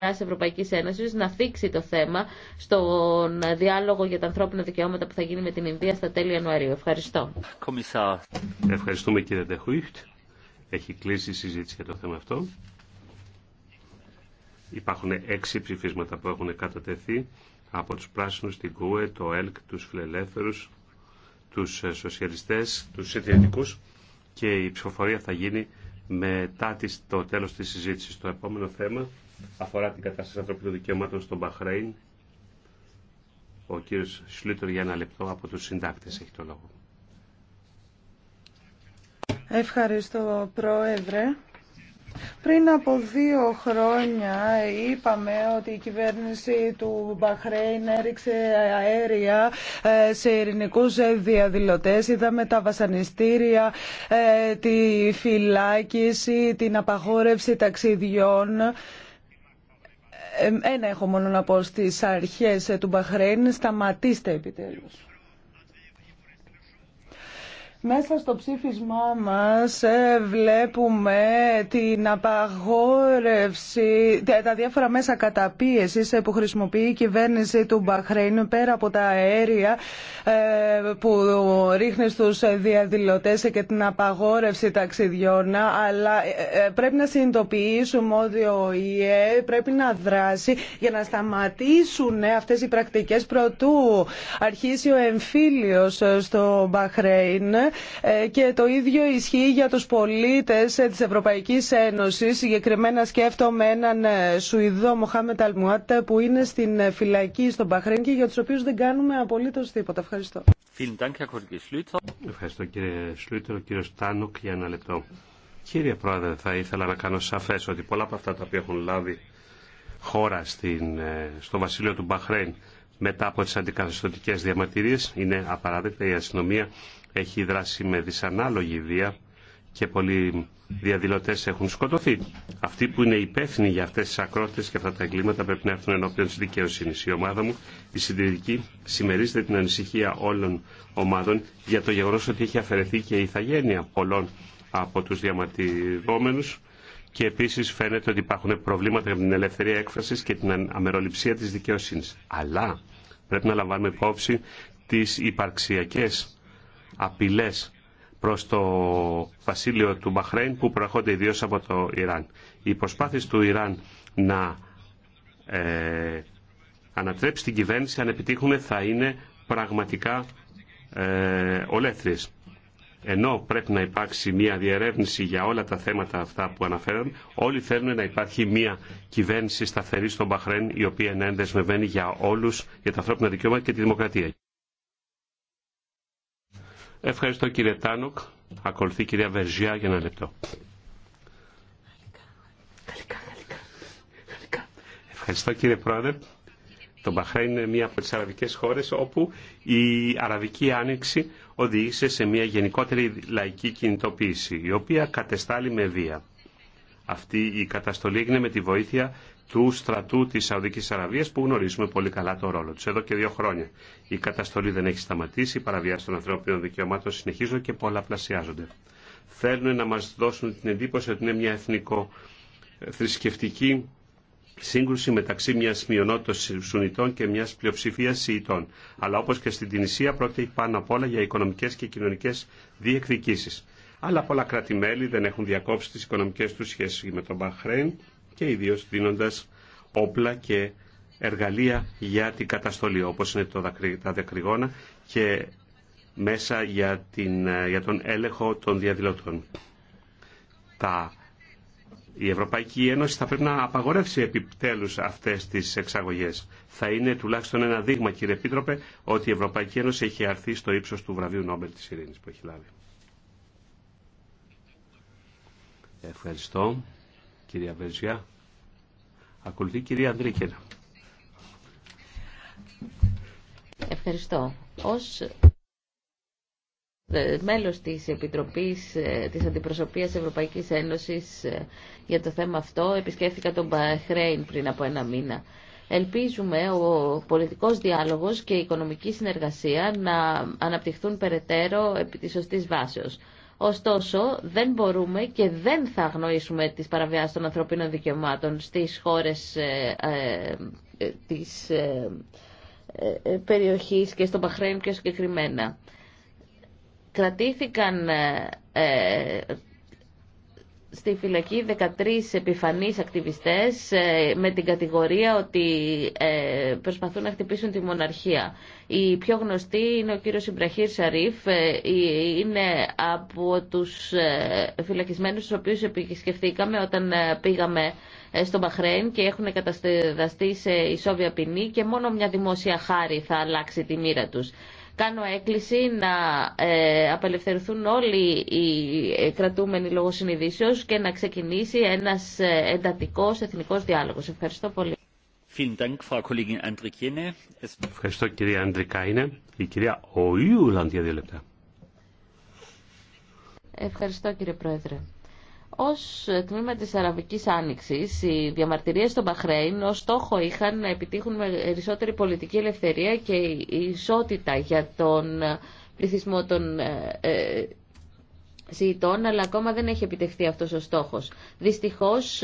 Ευρωπαϊκή Ένωσης να θίξει το θέμα στον διάλογο για τα ανθρώπινα δικαιώματα που θα γίνει με την Ινδία στα τέλη Ιανουαρίου. Ευχαριστώ. Ευχαριστούμε κύριε Ντεχούιχτ. Έχει κλείσει η συζήτηση για το θέμα αυτό. Υπάρχουν έξι ψηφίσματα που έχουν κατατεθεί από τους πράσινους, την ΚΟΕ, το ΕΛΚ, τους φιλελεύθερους, τους σοσιαλιστές, τους συνδυατικούς και η ψηφοφορία θα γίνει μετά το τέλος της συζήτησης. Το επόμενο θέμα αφορά την κατάσταση ανθρωπίνων δικαιωμάτων στο Μπαχρέιν. Ο κύριος Σλίτερ για ένα λεπτό από του συντάκτες έχει το λόγο. Ευχαριστώ Πρόεδρε. Πριν από δύο χρόνια είπαμε ότι η κυβέρνηση του Μπαχρέιν έριξε αέρια ε, σε ειρηνικούς διαδηλωτές. Είδαμε τα βασανιστήρια, ε, τη φυλάκιση, την απαγόρευση ταξιδιών. Ένα έχω μόνο να πω στις αρχές του Μπαχρέιν, σταματήστε επιτέλους. Μέσα στο ψήφισμά μας ε, βλέπουμε την απαγόρευση, τα διάφορα μέσα καταπίεσης ε, που χρησιμοποιεί η κυβέρνηση του Μπαχρέιν πέρα από τα αέρια ε, που ρίχνει στους διαδηλωτές και την απαγόρευση ταξιδιών. Αλλά πρέπει να συνειδητοποιήσουμε ότι ο ΙΕ πρέπει να δράσει για να σταματήσουν αυτές οι πρακτικές προτού αρχίσει ο εμφύλιος στο Μπαχρέιν ε, και το ίδιο ισχύει για τους πολίτες ε, της Ευρωπαϊκής Ένωσης. Συγκεκριμένα σκέφτομαι έναν ε, Σουηδό Μοχάμετ Αλμουάτ που είναι στην φυλακή στον Μπαχρέν και για τους οποίους δεν κάνουμε απολύτως τίποτα. Ευχαριστώ. Ευχαριστώ κύριε Σλούτερ. Ο κύριος Τάνοκ για ένα λεπτό. Κύριε Πρόεδρε, θα ήθελα να κάνω σαφές ότι πολλά από αυτά τα οποία έχουν λάβει χώρα στην, στο βασίλειο του Μπαχρέν μετά από τις αντικαθεστωτικές διαμαρτυρίες είναι απαράδεκτα η αστυνομία έχει δράσει με δυσανάλογη βία και πολλοί διαδηλωτέ έχουν σκοτωθεί. Αυτοί που είναι υπεύθυνοι για αυτέ τι ακρότητε και αυτά τα εγκλήματα πρέπει να έρθουν ενώπιον τη δικαιοσύνη. Η ομάδα μου, η συντηρητική, συμμερίζεται την ανησυχία όλων ομάδων για το γεγονό ότι έχει αφαιρεθεί και η ηθαγένεια πολλών από του διαμαρτυρόμενου και επίση φαίνεται ότι υπάρχουν προβλήματα για την ελευθερία έκφραση και την αμεροληψία τη δικαιοσύνη. Αλλά πρέπει να λαμβάνουμε υπόψη τι υπαρξιακέ απειλές προς το βασίλειο του Μπαχρέιν που προέρχονται ιδίω από το Ιράν. Οι προσπάθειες του Ιράν να ε, ανατρέψει την κυβέρνηση αν επιτύχουν θα είναι πραγματικά ε, ολέθριες. Ενώ πρέπει να υπάρξει μια διερεύνηση για όλα τα θέματα αυτά που αναφέραμε, όλοι θέλουν να υπάρχει μια κυβέρνηση σταθερή στον Μπαχρέν, η οποία να ενδεσμευμένη για όλους, για τα ανθρώπινα δικαιώματα και τη δημοκρατία. Ευχαριστώ κύριε Τάνοκ. Ακολουθεί κυρία Βερζιά για ένα λεπτό. Ευχαριστώ κύριε Πρόεδρε. Το Μπαχρέιν είναι μία από τις αραβικές χώρες όπου η αραβική άνοιξη οδήγησε σε μία γενικότερη λαϊκή κινητοποίηση, η οποία κατεστάλλει με βία. Αυτή η καταστολή έγινε με τη βοήθεια του στρατού της Σαουδικής Αραβίας που γνωρίζουμε πολύ καλά το ρόλο τους εδώ και δύο χρόνια. Η καταστολή δεν έχει σταματήσει, οι παραβιάσεις των ανθρώπινων δικαιωμάτων συνεχίζονται και πολλαπλασιάζονται. Θέλουν να μας δώσουν την εντύπωση ότι είναι μια εθνικό ε, θρησκευτική σύγκρουση μεταξύ μια μειονότητα Σουνιτών και μια πλειοψηφία Σιητών. Αλλά όπω και στην Τινησία πρόκειται πάνω απ' όλα για οικονομικέ και κοινωνικέ διεκδικησει διεκδικήσεις. Αλλά πολλά κράτη-μέλη δεν έχουν διακόψει τι οικονομικέ του σχέσει με τον Μπαχρέν και ιδίω δίνοντας όπλα και εργαλεία για την καταστολή όπως είναι το τα δακρυγόνα και μέσα για, την, για τον έλεγχο των διαδηλωτών. Τα, η Ευρωπαϊκή Ένωση θα πρέπει να απαγορεύσει επιτέλους αυτές τις εξαγωγές. Θα είναι τουλάχιστον ένα δείγμα κύριε Επίτροπε ότι η Ευρωπαϊκή Ένωση έχει αρθεί στο ύψος του βραβείου Νόμπελ της Ειρήνης που έχει λάβει. Ευχαριστώ. Κυρία Βεζιά. Ακολουθεί η κυρία Ευχαριστώ. Ως ε, μέλος της Επιτροπής ε, της Αντιπροσωπείας Ευρωπαϊκής Ένωσης ε, για το θέμα αυτό, επισκέφθηκα τον Μπαχρέιν πριν από ένα μήνα. Ελπίζουμε ο πολιτικός διάλογος και η οικονομική συνεργασία να αναπτυχθούν περαιτέρω επί της σωστής βάσεως. Ωστόσο, δεν μπορούμε και δεν θα αγνοήσουμε τις παραβιάσεις των ανθρωπίνων δικαιωμάτων στις χώρες ε, ε, ε της ε, ε, περιοχής και στο Μπαχρέιν πιο συγκεκριμένα. Κρατήθηκαν στη φυλακή 13 επιφανείς ακτιβιστές ε, με την κατηγορία ότι ε, προσπαθούν να χτυπήσουν τη μοναρχία. Η πιο γνωστή είναι ο κύριος Ιμπραχήρ Σαρίφ, ε, είναι από τους φυλακισμένους τους οποίους επισκεφθήκαμε όταν πήγαμε στο Μπαχρέν και έχουν καταστεδαστεί σε ισόβια ποινή και μόνο μια δημόσια χάρη θα αλλάξει τη μοίρα τους. Κάνω έκκληση να ε, απελευθερωθούν όλοι οι ε, κρατούμενοι λόγω συνειδήσεως και να ξεκινήσει ένας ε, εντατικός εθνικός διάλογος. Ευχαριστώ πολύ. Ευχαριστώ κυρία Αντρικάινε. Η κυρία Ούλαντια δύο λεπτά. Ευχαριστώ κύριε Πρόεδρε. Ως τμήμα της Αραβικής Άνοιξης, οι διαμαρτυρίες στο Μπαχρέιν ως στόχο είχαν να επιτύχουν περισσότερη πολιτική ελευθερία και ισότητα για τον ε, πληθυσμό των ζητών, ε, ε, αλλά ακόμα δεν έχει επιτευχθεί αυτός ο στόχος. Δυστυχώς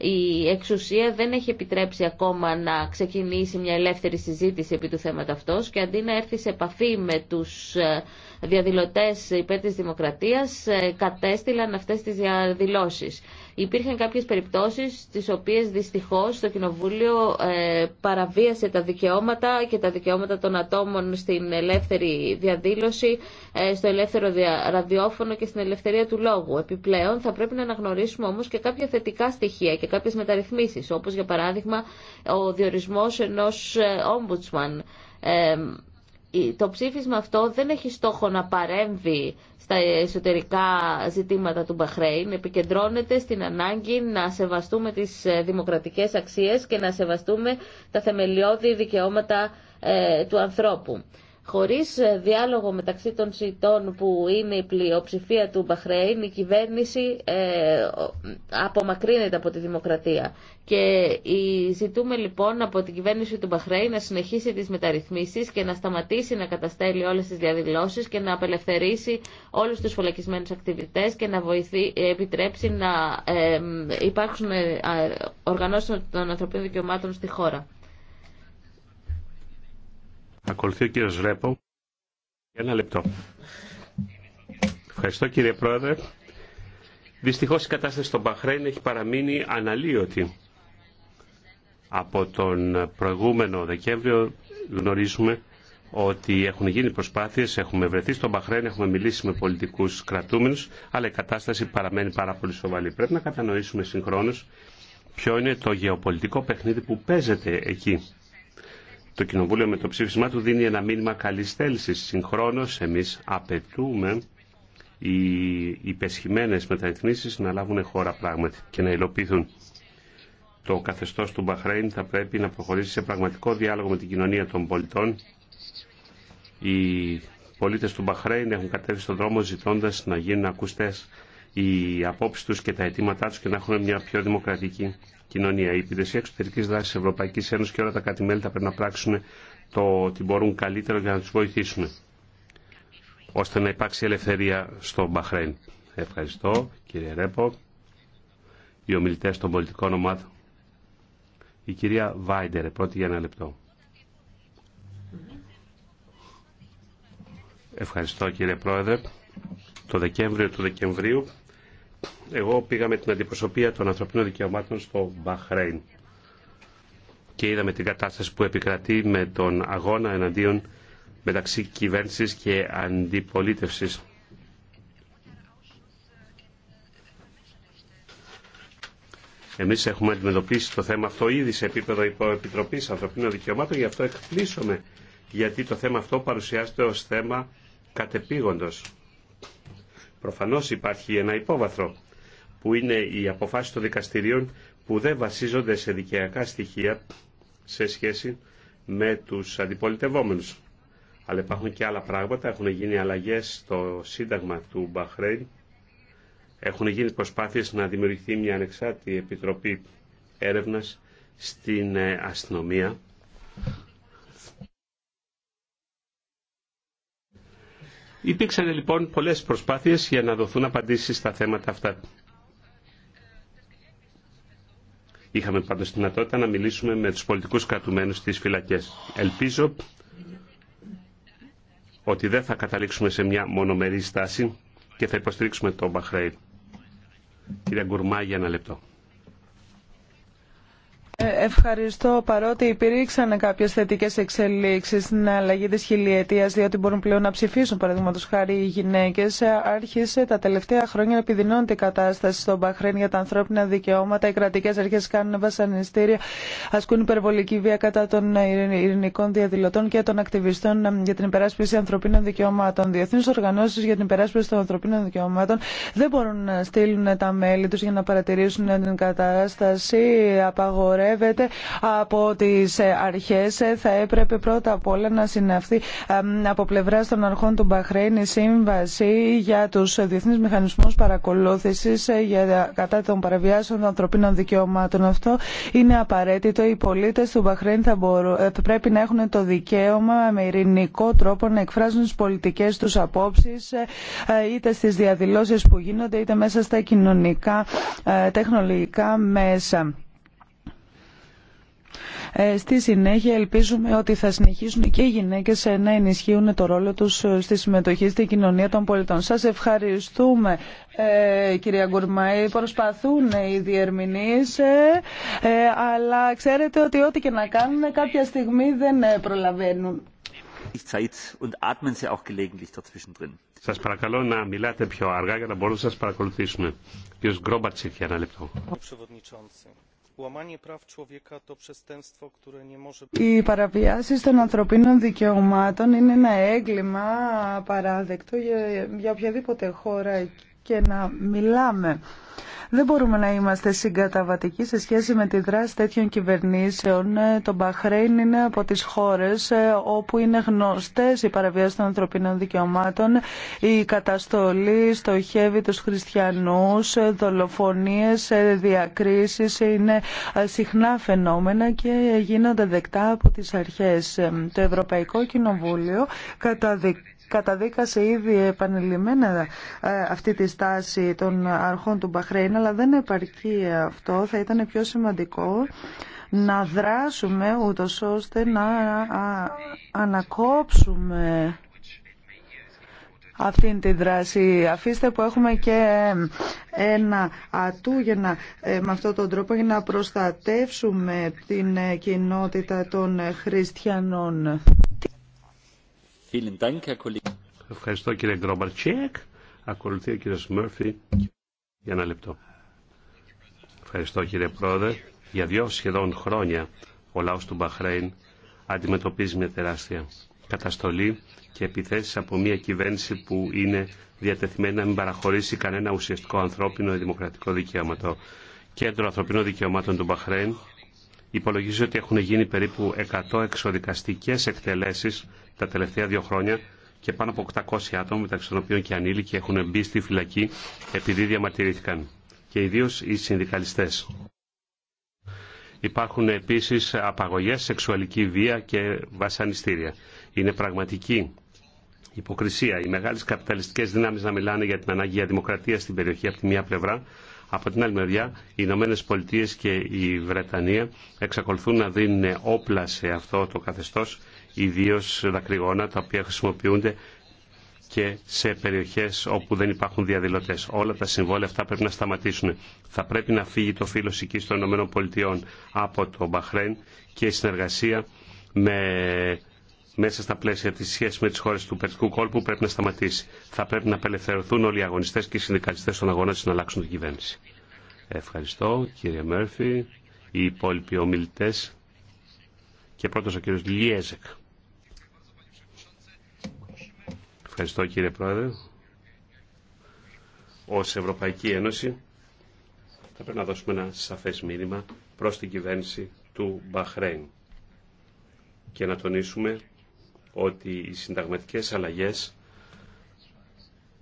η εξουσία δεν έχει επιτρέψει ακόμα να ξεκινήσει μια ελεύθερη συζήτηση επί του θέματος αυτός και αντί να έρθει σε επαφή με τους ε, διαδηλωτές υπέρ της δημοκρατίας ε, κατέστηλαν αυτές τις διαδηλώσεις. Υπήρχαν κάποιες περιπτώσεις τις οποίες δυστυχώς το Κοινοβούλιο ε, παραβίασε τα δικαιώματα και τα δικαιώματα των ατόμων στην ελεύθερη διαδήλωση, στο ελεύθερο ραδιόφωνο και στην ελευθερία του λόγου. Επιπλέον θα πρέπει να αναγνωρίσουμε όμως και κάποια θετικά στοιχεία κάποιες μεταρρυθμίσεις, όπως για παράδειγμα ο διορισμός ενός ε, ombudsman. Ε, το ψήφισμα αυτό δεν έχει στόχο να παρέμβει στα εσωτερικά ζητήματα του Μπαχρέιν. Επικεντρώνεται στην ανάγκη να σεβαστούμε τις ε, δημοκρατικές αξίες και να σεβαστούμε τα θεμελιώδη δικαιώματα του ανθρώπου. Χωρίς ε, διάλογο μεταξύ των σιτών που είναι η πλειοψηφία του Μπαχρέιν, η κυβέρνηση ε, απομακρύνεται από τη δημοκρατία. Και ζητούμε λοιπόν από την κυβέρνηση του Μπαχρέιν να συνεχίσει τις μεταρρυθμίσεις και να σταματήσει να καταστέλει όλες τις διαδηλώσεις και να απελευθερήσει όλους τους φυλακισμένους ακτιβιτές και να βοηθεί, ε, επιτρέψει να ε, ε, υπάρξουν οργανώσεις των ανθρωπίνων δικαιωμάτων στη χώρα. Ακολουθεί ο κύριος Ρέπο. Ένα λεπτό. Ευχαριστώ κύριε Πρόεδρε. Δυστυχώς η κατάσταση στον Παχρέν έχει παραμείνει αναλύωτη. Από τον προηγούμενο Δεκέμβριο γνωρίζουμε ότι έχουν γίνει προσπάθειες, έχουμε βρεθεί στον Παχρέν, έχουμε μιλήσει με πολιτικούς κρατούμενους, αλλά η κατάσταση παραμένει πάρα πολύ σοβαρή. Πρέπει να κατανοήσουμε συγχρόνως ποιο είναι το γεωπολιτικό παιχνίδι που παίζεται εκεί το Κοινοβούλιο με το ψήφισμά του δίνει ένα μήνυμα καλής θέλησης. Συγχρόνως εμείς απαιτούμε οι υπεσχημένε μεταρρυθμίσεις να λάβουν χώρα πράγματι και να υλοποιηθούν. Το καθεστώς του Μπαχρέιν θα πρέπει να προχωρήσει σε πραγματικό διάλογο με την κοινωνία των πολιτών. Οι πολίτες του Μπαχρέιν έχουν κατέβει στον δρόμο ζητώντας να γίνουν ακουστές οι απόψει του και τα αιτήματά του και να έχουμε μια πιο δημοκρατική κοινωνία. Η Υπηρεσία Εξωτερική Δράση Ευρωπαϊκή Ένωση και όλα τα κάτι μελη θα πρέπει να πράξουν το ότι μπορούν καλύτερο για να του βοηθήσουν ώστε να υπάρξει ελευθερία στο Μπαχρέν. Ευχαριστώ κύριε Ρέπο, οι ομιλητέ των πολιτικών ομάδων. Η κυρία Βάιντερ, πρώτη για ένα λεπτό. Ευχαριστώ κύριε Πρόεδρε το Δεκέμβριο του Δεκεμβρίου εγώ πήγα με την αντιπροσωπεία των ανθρωπίνων δικαιωμάτων στο Μπαχρέιν και είδαμε την κατάσταση που επικρατεί με τον αγώνα εναντίον μεταξύ κυβέρνησης και αντιπολίτευσης. Εμείς έχουμε αντιμετωπίσει το θέμα αυτό ήδη σε επίπεδο υποεπιτροπής ανθρωπίνων δικαιωμάτων, γι' αυτό εκπλήσωμε, γιατί το θέμα αυτό παρουσιάζεται ως θέμα κατεπήγοντος. Προφανώς υπάρχει ένα υπόβαθρο που είναι οι αποφάσεις των δικαστηρίων που δεν βασίζονται σε δικαιακά στοιχεία σε σχέση με τους αντιπολιτευόμενους. Αλλά υπάρχουν και άλλα πράγματα, έχουν γίνει αλλαγές στο Σύνταγμα του Μπαχρέιν, έχουν γίνει προσπάθειες να δημιουργηθεί μια ανεξάρτητη επιτροπή έρευνας στην ε, αστυνομία Υπήρξαν λοιπόν πολλές προσπάθειες για να δοθούν απαντήσεις στα θέματα αυτά. Είχαμε πάντως τη δυνατότητα να μιλήσουμε με τους πολιτικούς κρατουμένους στις φυλακέ. Ελπίζω ότι δεν θα καταλήξουμε σε μια μονομερή στάση και θα υποστηρίξουμε τον Μπαχρέιν. Κύριε Γκουρμά, για ένα λεπτό. Ε, ευχαριστώ. Παρότι υπήρξαν κάποιε θετικέ εξελίξει στην αλλαγή τη χιλιετία, διότι μπορούν πλέον να ψηφίσουν, παραδείγματο χάρη οι γυναίκε, ε, άρχισε τα τελευταία χρόνια να επιδεινώνεται η κατάσταση στον Μπαχρέν για τα ανθρώπινα δικαιώματα. Οι κρατικέ αρχέ κάνουν βασανιστήρια, ασκούν υπερβολική βία κατά των ειρηνικών διαδηλωτών και των ακτιβιστών ε, για την υπεράσπιση ανθρωπίνων δικαιωμάτων. Διεθνεί οργανώσει για την υπεράσπιση των ανθρωπίνων δικαιωμάτων δεν μπορούν να στείλουν τα μέλη του για να παρατηρήσουν την κατάσταση απαγορεύεται από τις ε, αρχές. Ε, θα έπρεπε πρώτα απ' όλα να συναυθεί από πλευρά των αρχών του Μπαχρέιν η σύμβαση για τους διεθνείς μηχανισμούς παρακολούθησης ε, για, κατά των παραβιάσεων των ανθρωπίνων δικαιωμάτων. Αυτό είναι απαραίτητο. Οι πολίτες του Μπαχρέιν θα πρέπει να έχουν το δικαίωμα με ειρηνικό τρόπο να εκφράζουν τις πολιτικές τους απόψει, είτε στις διαδηλώσεις που γίνονται είτε μέσα στα κοινωνικά τεχνολογικά μέσα. Ε, στη συνέχεια ελπίζουμε ότι θα συνεχίσουν και οι γυναίκες ε, να ενισχύουν το ρόλο τους ε, στη συμμετοχή στην κοινωνία των πολιτών. Σας ευχαριστούμε κυρία Γκουρμαή. Προσπαθούν οι διερμηνείς, αλλά ξέρετε ότι ό,τι και να κάνουν κάποια στιγμή δεν προλαβαίνουν. Σας παρακαλώ να μιλάτε πιο αργά για να μπορούν να σα παρακολουθήσουν. για ένα λεπτό. Οι παραβιάσεις των ανθρωπίνων δικαιωμάτων είναι ένα έγκλημα παράδεκτο για οποιαδήποτε χώρα και να μιλάμε. Δεν μπορούμε να είμαστε συγκαταβατικοί σε σχέση με τη δράση τέτοιων κυβερνήσεων. Ε, το Μπαχρέιν είναι από τις χώρες ε, όπου είναι γνωστές οι παραβιάσεις των ανθρωπίνων δικαιωμάτων, η καταστολή στοχεύει τους χριστιανούς, ε, δολοφονίες, διακρίσεις είναι συχνά φαινόμενα και γίνονται δεκτά από τις αρχές. Το Ευρωπαϊκό Κοινοβούλιο καταδικάζει καταδίκασε ήδη επανειλημμένα ε, αυτή τη στάση των αρχών του Μπαχρέιν, αλλά δεν επαρκεί αυτό. Θα ήταν πιο σημαντικό να δράσουμε ούτω ώστε να ανακόψουμε αυτή τη δράση. Αφήστε που έχουμε και ένα ατού για να, ε, με αυτόν τον τρόπο για να προστατεύσουμε την κοινότητα των χριστιανών. Ευχαριστώ κύριε Γκρόμπαρτσέκ. Ακολουθεί ο κύριος Μέρφυ για ένα λεπτό. Ευχαριστώ κύριε Πρόεδρε. Για δύο σχεδόν χρόνια ο λαός του Μπαχρέιν αντιμετωπίζει μια τεράστια καταστολή και επιθέσεις από μια κυβέρνηση που είναι διατεθειμένη να μην παραχωρήσει κανένα ουσιαστικό ανθρώπινο ή δημοκρατικό δικαίωμα. Το Κέντρο Ανθρωπίνων Δικαιωμάτων του Μπαχρέιν υπολογίζει ότι έχουν γίνει περίπου 100 εξοδικαστικές εκτελέσεις τα τελευταία δύο χρόνια και πάνω από 800 άτομα μεταξύ των οποίων και ανήλικοι έχουν μπει στη φυλακή επειδή διαμαρτυρήθηκαν και ιδίως οι συνδικαλιστές. Υπάρχουν επίσης απαγωγές, σεξουαλική βία και βασανιστήρια. Είναι πραγματική υποκρισία. Οι μεγάλες καπιταλιστικές δυνάμεις να μιλάνε για την ανάγκη για δημοκρατία στην περιοχή από τη μία πλευρά, από την άλλη μεριά, οι Ηνωμένε Πολιτείε και η Βρετανία εξακολουθούν να δίνουν όπλα σε αυτό το καθεστώ, ιδίω δακρυγόνα τα οποία χρησιμοποιούνται και σε περιοχέ όπου δεν υπάρχουν διαδηλωτέ. Όλα τα συμβόλαια αυτά πρέπει να σταματήσουν. Θα πρέπει να φύγει το φύλλο εκεί των ΗΠΑ από το Μπαχρέν και η συνεργασία με μέσα στα πλαίσια τη σχέση με τι χώρε του Περσικού κόλπου πρέπει να σταματήσει. Θα πρέπει να απελευθερωθούν όλοι οι αγωνιστέ και οι συνδικαλιστέ των αγώνων να αλλάξουν την κυβέρνηση. Ευχαριστώ κύριε Μέρφυ, οι υπόλοιποι ομιλητέ και πρώτο ο κύριο Λιέζεκ. Ευχαριστώ κύριε Πρόεδρε. Ω Ευρωπαϊκή Ένωση θα πρέπει να δώσουμε ένα σαφέ μήνυμα προ την κυβέρνηση του Μπαχρέιν και να τονίσουμε ότι οι συνταγματικές αλλαγές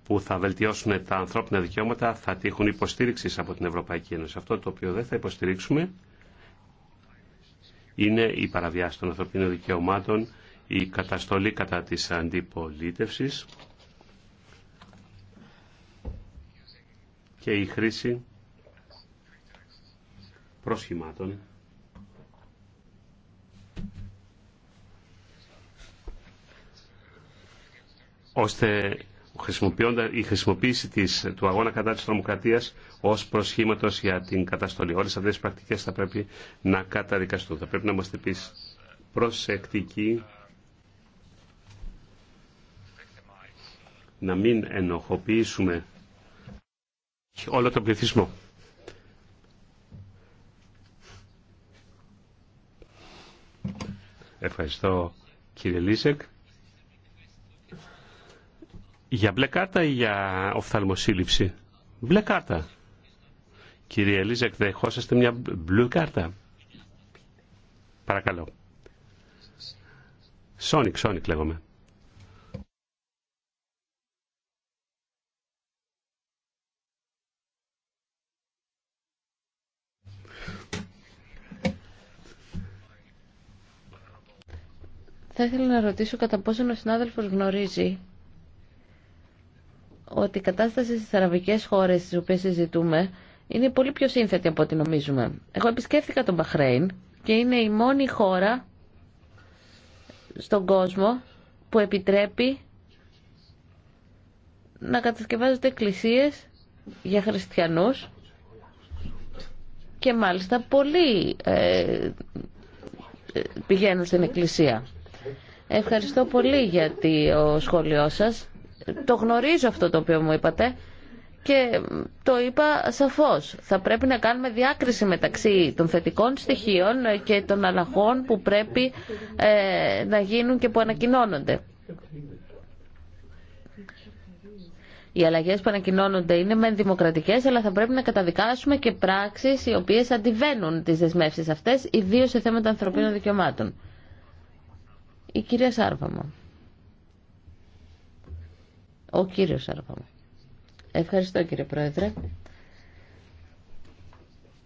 που θα βελτιώσουν τα ανθρώπινα δικαιώματα θα τύχουν υποστήριξη από την Ευρωπαϊκή Ένωση. Αυτό το οποίο δεν θα υποστηρίξουμε είναι η παραβιάση των ανθρωπίνων δικαιωμάτων, η καταστολή κατά της αντιπολίτευσης και η χρήση πρόσχημάτων ώστε η χρησιμοποίηση της, του αγώνα κατά της τρομοκρατίας ως προσχήματος για την καταστολή. Όλες αυτές τις πρακτικές θα πρέπει να καταδικαστούν. Θα πρέπει να είμαστε επίσης προσεκτικοί να μην ενοχοποιήσουμε όλο τον πληθυσμό. Ευχαριστώ κύριε Λίσεκ. Για μπλε κάρτα ή για οφθαλμοσύλληψη. Μπλε κάρτα. Κύριε Ελίζα, δέχόσαστε μια μπλε κάρτα. Παρακαλώ. Σόνικ, Σόνικ λέγομαι. Θα ήθελα να ρωτήσω κατά πόσο ο συνάδελφος γνωρίζει ότι η κατάσταση στις Αραβικέ χώρες τι οποίες συζητούμε είναι πολύ πιο σύνθετη από ό,τι νομίζουμε. Εγώ επισκέφθηκα τον Μπαχρέιν και είναι η μόνη χώρα στον κόσμο που επιτρέπει να κατασκευάζονται εκκλησίες για χριστιανούς και μάλιστα πολλοί ε, ε πηγαίνουν στην εκκλησία. Ευχαριστώ πολύ για το σχόλιο σας. Το γνωρίζω αυτό το οποίο μου είπατε και το είπα σαφώς. Θα πρέπει να κάνουμε διάκριση μεταξύ των θετικών στοιχείων και των αλλαγών που πρέπει ε, να γίνουν και που ανακοινώνονται. Οι αλλαγέ που ανακοινώνονται είναι μεν δημοκρατικέ, αλλά θα πρέπει να καταδικάσουμε και πράξει οι οποίε αντιβαίνουν τι δεσμεύσει αυτέ, ιδίω σε θέματα ανθρωπίνων δικαιωμάτων. Η κυρία Σάρβαμα. Ο κύριος Ευχαριστώ κύριε Πρόεδρε.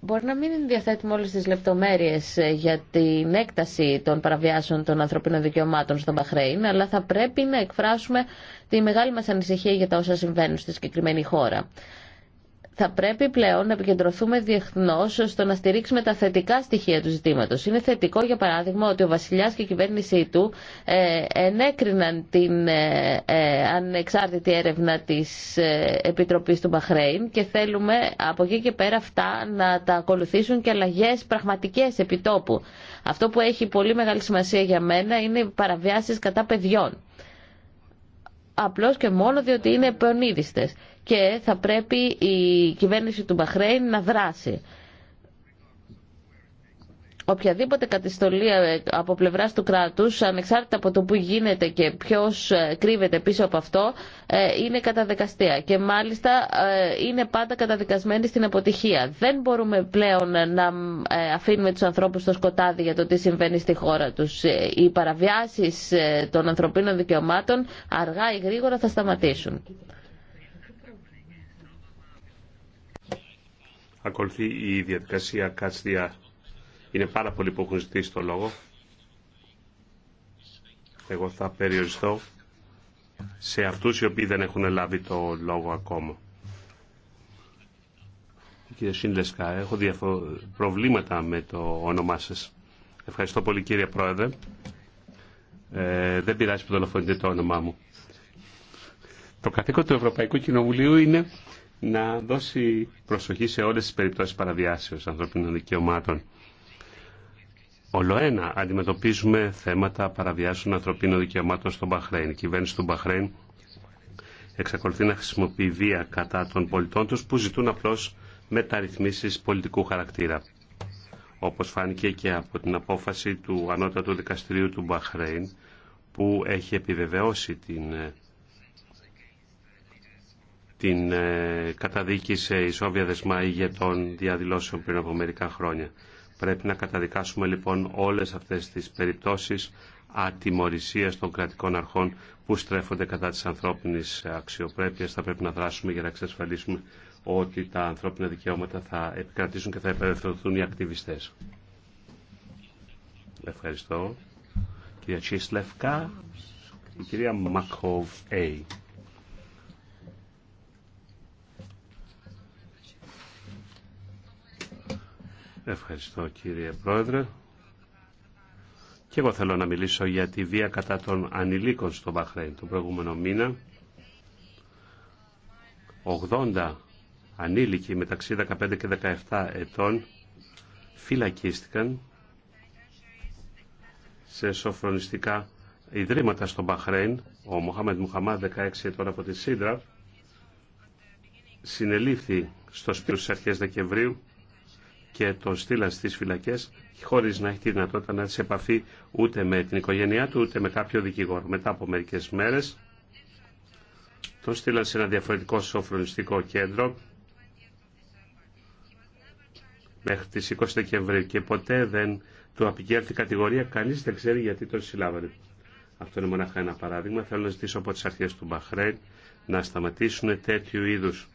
Μπορεί να μην διαθέτουμε όλες τις λεπτομέρειες ε, για την έκταση των παραβιάσεων των ανθρωπίνων δικαιωμάτων στον Παχρέιν, αλλά θα πρέπει να εκφράσουμε τη μεγάλη μας ανησυχία για τα όσα συμβαίνουν στη συγκεκριμένη χώρα θα πρέπει πλέον να επικεντρωθούμε διεθνώ στο να στηρίξουμε τα θετικά στοιχεία του ζητήματο. Είναι θετικό, για παράδειγμα, ότι ο βασιλιά και η κυβέρνησή του ε, ενέκριναν την ε, ε, ανεξάρτητη έρευνα τη Επιτροπή του Μπαχρέιν και θέλουμε από εκεί και πέρα αυτά να τα ακολουθήσουν και αλλαγέ πραγματικέ επιτόπου. Αυτό που έχει πολύ μεγάλη σημασία για μένα είναι οι παραβιάσει κατά παιδιών απλώς και μόνο διότι είναι επονίδιστες και θα πρέπει η κυβέρνηση του Μπαχρέιν να δράσει οποιαδήποτε κατηστολή ε, από πλευράς του κράτους, ανεξάρτητα από το που γίνεται και ποιο ε, κρύβεται πίσω από αυτό, ε, είναι καταδικαστία. Και μάλιστα είναι πάντα καταδικασμένη στην αποτυχία. Δεν μπορούμε πλέον να αφήνουμε τους ανθρώπους στο σκοτάδι για το τι συμβαίνει στη χώρα τους. Οι παραβιάσεις των ανθρωπίνων δικαιωμάτων αργά ή γρήγορα θα σταματήσουν. Ακολουθεί η διαδικασία η διαδικασια είναι πάρα πολλοί που έχουν ζητήσει το λόγο. Εγώ θα περιοριστώ σε αυτούς οι οποίοι δεν έχουν λάβει το λόγο ακόμα. Κύριε Σύνδεσκα, έχω διαφο... προβλήματα με το όνομά σας. Ευχαριστώ πολύ κύριε Πρόεδρε. Ε, δεν πειράζει που δολοφονείτε το όνομά μου. Το καθήκον του Ευρωπαϊκού Κοινοβουλίου είναι να δώσει προσοχή σε όλες τις περιπτώσεις παραβιάσεως ανθρωπίνων δικαιωμάτων ένα, αντιμετωπίζουμε θέματα παραβιάσεων ανθρωπίνων δικαιωμάτων στον Μπαχρέιν. Η κυβέρνηση του Μπαχρέιν εξακολουθεί να χρησιμοποιεί βία κατά των πολιτών τους που ζητούν με μεταρρυθμίσεις πολιτικού χαρακτήρα. Όπως φάνηκε και από την απόφαση του Ανώτατου Δικαστηρίου του Μπαχρέιν που έχει επιβεβαιώσει την, την ε, καταδίκη σε ισόβια δεσμά ηγετών διαδηλώσεων πριν από μερικά χρόνια. Πρέπει να καταδικάσουμε λοιπόν όλες αυτές τις περιπτώσεις ατιμορρησίας των κρατικών αρχών που στρέφονται κατά της ανθρώπινης αξιοπρέπειας. Θα πρέπει να δράσουμε για να εξασφαλίσουμε ότι τα ανθρώπινα δικαιώματα θα επικρατήσουν και θα επερευθερωθούν οι ακτιβιστές. Ευχαριστώ. Κυρία Τσίσλευκα, κυρία Μακχοβ Ευχαριστώ κύριε Πρόεδρε. Και εγώ θέλω να μιλήσω για τη βία κατά των ανηλίκων στο Μπαχρέιν. Τον προηγούμενο μήνα 80 ανήλικοι μεταξύ 15 και 17 ετών φυλακίστηκαν σε σοφρονιστικά ιδρύματα στο Μπαχρέιν. Ο Μοχάμεντ Μουχαμά, 16 ετών από τη Σίδρα, συνελήφθη στο σπίτι στις αρχές Δεκεμβρίου και τον στείλαν στις φυλακές χωρίς να έχει τη δυνατότητα να έρθει σε επαφή ούτε με την οικογένειά του ούτε με κάποιο δικηγόρο. Μετά από μερικές μέρες τον στείλαν σε ένα διαφορετικό σοφρονιστικό κέντρο μέχρι τις 20 Δεκεμβρίου και ποτέ δεν του απεικέρθη κατηγορία, κανείς δεν ξέρει γιατί τον συλλάβανε. Αυτό είναι μονάχα ένα παράδειγμα. Θέλω να ζητήσω από τις αρχές του Μπαχρέν να σταματήσουν τέτοιου είδους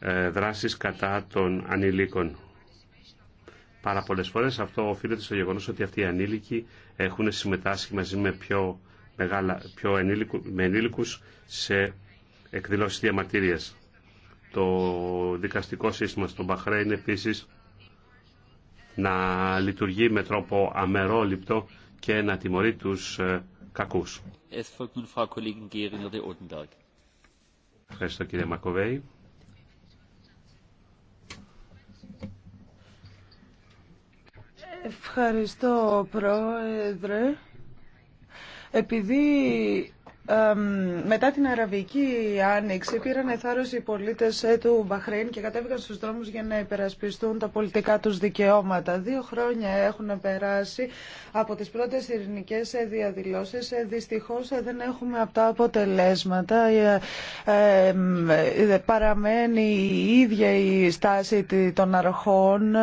ε, δράσεις κατά των ανηλίκων. Πάρα πολλέ φορέ. αυτό οφείλεται στο γεγονό ότι αυτοί οι ανήλικοι έχουν συμμετάσχει μαζί με πιο, μεγάλα, πιο ενήλικου, ενήλικους σε εκδηλώσει διαμαρτυρία. Το δικαστικό σύστημα στον είναι επίσης να λειτουργεί με τρόπο αμερόληπτο και να τιμωρεί τους ε, κακού. Ευχαριστώ κύριε Μακοβέη. Ευχαριστώ, Πρόεδρε. Επειδή μετά την Αραβική Άνοιξη πήραν θάρρο οι πολίτες ε, του Μπαχρέιν και κατέβηκαν στους δρόμου για να υπερασπιστούν τα πολιτικά τους δικαιώματα. Δύο χρόνια έχουν περάσει από τις πρώτες ειρηνικές ε, διαδηλώσει. Ε, δυστυχώς δεν έχουμε αυτά αποτελέσματα. Παραμένει η ίδια η στάση των αρχών.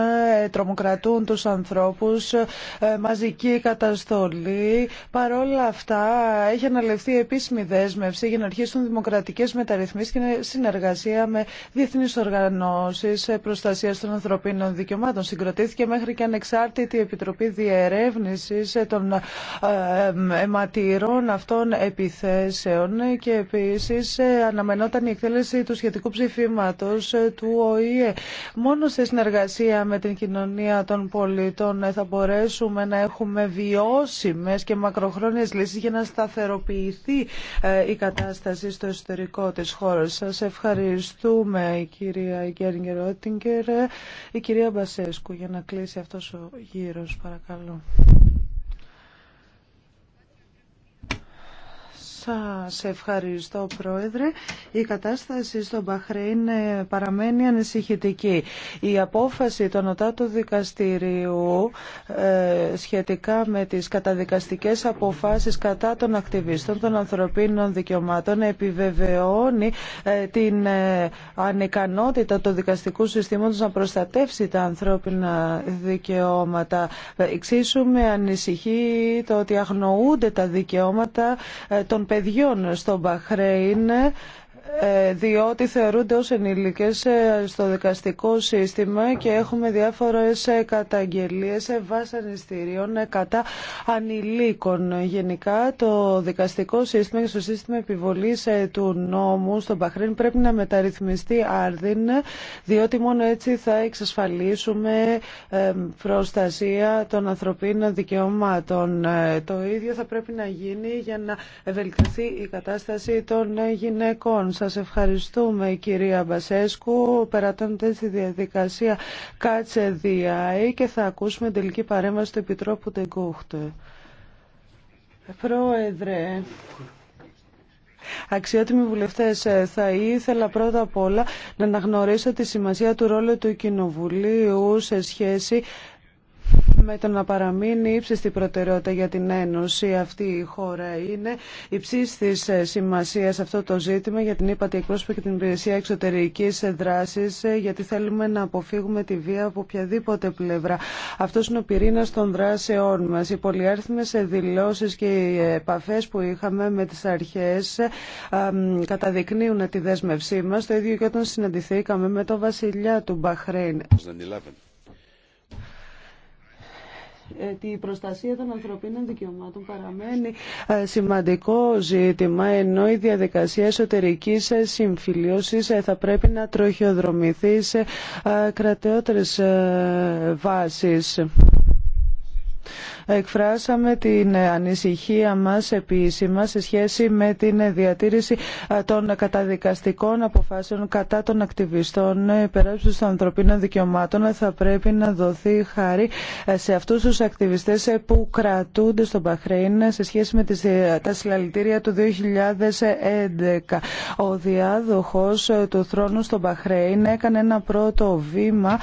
Τρομοκρατούν τους ανθρώπου, Μαζική καταστολή. Παρόλα αυτά έχει αναλευθεί επίσημη δέσμευση για να αρχίσουν δημοκρατικές μεταρρυθμίσεις και συνεργασία με διεθνείς οργανώσεις ε, προστασίας των ανθρωπίνων δικαιωμάτων. Συγκροτήθηκε μέχρι και ανεξάρτητη επιτροπή διερεύνηση ε, των ε, αιματηρών αυτών επιθέσεων και επίσης αναμενόταν η εκτέλεση του σχετικού ψηφίματο του ΟΗΕ. Μόνο σε συνεργασία με την κοινωνία των πολιτών θα μπορέσουμε να έχουμε βιώσιμε και μακροχρόνιε λύσει για να σταθεροποιηθεί ε, η κατάσταση στο εσωτερικό της χώρας. Σας ευχαριστούμε η κυρία Γκέρνγκερ Ότιγκερ. Η κυρία Μπασέσκου για να κλείσει αυτός ο γύρος παρακαλώ. Σας ευχαριστώ Πρόεδρε. Η κατάσταση στο Μπαχρέιν ε, παραμένει ανησυχητική. Η απόφαση των ΟΤΑ του δικαστηρίου ε, σχετικά με τις καταδικαστικές αποφάσεις κατά των ακτιβιστών των ανθρωπίνων δικαιωμάτων επιβεβαιώνει ε, την ανικανότητα του δικαστικού συστήματος να προστατεύσει τα ανθρώπινα δικαιώματα. Εξίσου με ανησυχεί το ότι αγνοούνται τα δικαιώματα των παιδιών στο Μπαχρέιν ε, διότι θεωρούνται ως ενήλικες ε, στο δικαστικό σύστημα και έχουμε διάφορες ε, καταγγελίες βασανιστήριων κατά ανηλίκων. Γενικά το δικαστικό σύστημα και το σύστημα επιβολής του νόμου στον Παχρέν πρέπει να μεταρρυθμιστεί άρδιν διότι μόνο έτσι θα εξασφαλίσουμε προστασία των ανθρωπίνων δικαιωμάτων. Το ίδιο θα πρέπει να γίνει για να βελτιωθεί η κατάσταση των γυναικών. Σας ευχαριστούμε κυρία Μπασέσκου. Περατώνεται στη διαδικασία κάτσε διάη και θα ακούσουμε τελική παρέμβαση του Επιτρόπου Τεγκούχτε. Πρόεδρε, Αξιότιμοι βουλευτέ, ε, θα ήθελα πρώτα απ' όλα να αναγνωρίσω τη σημασία του ρόλου του Κοινοβουλίου σε σχέση με το να παραμείνει ύψιστη προτεραιότητα για την Ένωση αυτή η χώρα είναι υψίστη ε, σημασία σε αυτό το ζήτημα για την ύπατη εκπρόσωπο και την υπηρεσία εξωτερική δράση, ε, γιατί θέλουμε να αποφύγουμε τη βία από οποιαδήποτε πλευρά. Αυτό είναι ο πυρήνας των δράσεών μα. Οι πολυάριθμες δηλώσει και οι επαφέ που είχαμε με τι αρχές ε, καταδεικνύουν τη δέσμευσή μα Το ίδιο και όταν συναντηθήκαμε με τον βασιλιά του Μπαχρέιν η προστασία των ανθρωπίνων δικαιωμάτων παραμένει ε, σημαντικό ζήτημα, ενώ η διαδικασία εσωτερικής ε, συμφιλίωσης ε, θα πρέπει να τροχιοδρομηθεί σε κρατεότερες βάσεις. Εκφράσαμε την ανησυχία μας επίσημα σε σχέση με την διατήρηση των καταδικαστικών αποφάσεων κατά των ακτιβιστών ε, υπεράσπισης των ανθρωπίνων δικαιωμάτων. Θα πρέπει να δοθεί χάρη ε, σε αυτούς τους ακτιβιστές ε, που κρατούνται στον Παχρέιν σε σχέση με τα συλλαλητήρια του 2011. Ο διάδοχος του θρόνου στον Παχρέιν έκανε ένα πρώτο βήμα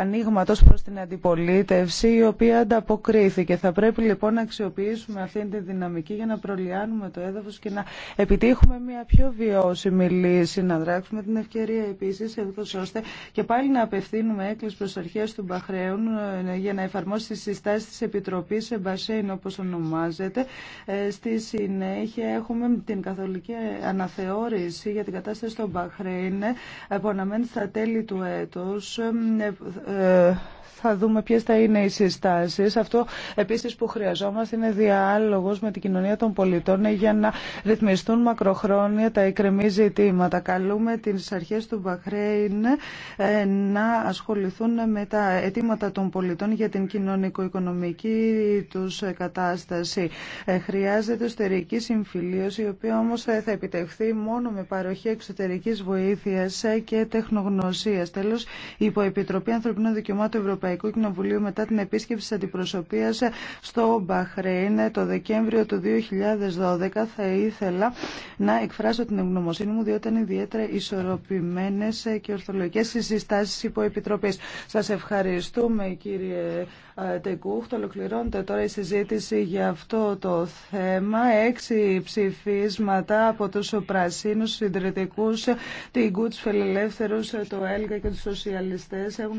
ανοίγματο προς την αντιπολίτευση η οποία ανταποκρίθηκε και θα πρέπει λοιπόν να αξιοποιήσουμε αυτή τη δυναμική για να προλιάνουμε το έδαφος και να επιτύχουμε μια πιο βιώσιμη λύση, να δράξουμε την ευκαιρία επίσης έτσι ώστε και πάλι να απευθύνουμε έκκληση προς αρχές του Μπαχρέου ε, για να εφαρμόσει τις συστάσεις της Επιτροπής Μπασέιν όπως ονομάζεται. Ε, στη συνέχεια έχουμε την καθολική αναθεώρηση για την κατάσταση στο Μπαχρέιν ε, που αναμένει στα τέλη του έτους θα δούμε ποιες θα είναι οι συστάσεις. Αυτό επίσης που χρειαζόμαστε είναι διάλογος με την κοινωνία των πολιτών για να ρυθμιστούν μακροχρόνια τα εκκρεμή ζητήματα. Καλούμε τις αρχές του Μπαχρέιν ε, να ασχοληθούν με τα αιτήματα των πολιτών για την κοινωνικο-οικονομική τους κατάσταση. Ε, χρειάζεται εσωτερική συμφιλίωση, η οποία όμως ε, θα επιτευχθεί μόνο με παροχή εξωτερικής βοήθειας και τεχνογνωσίας. Τέλος, η Υποεπιτροπή Ανθρωπίνων Δικαιωμάτων Ευρωπαϊκού Κοινοβουλίου μετά την επίσκεψη τη αντιπροσωπεία στο Μπαχρέιν το Δεκέμβριο του 2012 θα ήθελα να εκφράσω την ευγνωμοσύνη μου διότι είναι ιδιαίτερα ισορροπημένε και ορθολογικέ οι υπό επιτροπής. Σα ευχαριστούμε κύριε Τεκούχτ. Ολοκληρώνεται τώρα η συζήτηση για αυτό το θέμα. Έξι ψηφίσματα από του πρασίνου συντηρητικού, την Κούτσφελ Ελεύθερου, το ΕΛΚΑ και του σοσιαλιστέ έχουν